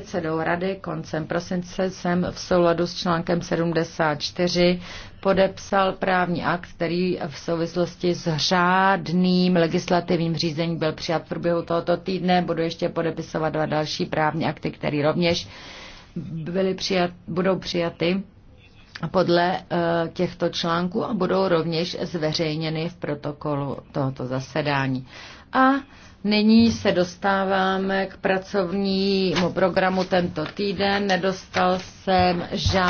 předsedou rady koncem prosince jsem v souladu s článkem 74 podepsal právní akt, který v souvislosti s řádným legislativním řízením byl přijat v průběhu tohoto týdne. Budu ještě podepisovat dva další právní akty, které rovněž byly přijat, budou přijaty podle eh, těchto článků a budou rovněž zveřejněny v protokolu tohoto zasedání. A nyní se dostáváme k pracovnímu programu tento týden. Nedostal jsem žádný.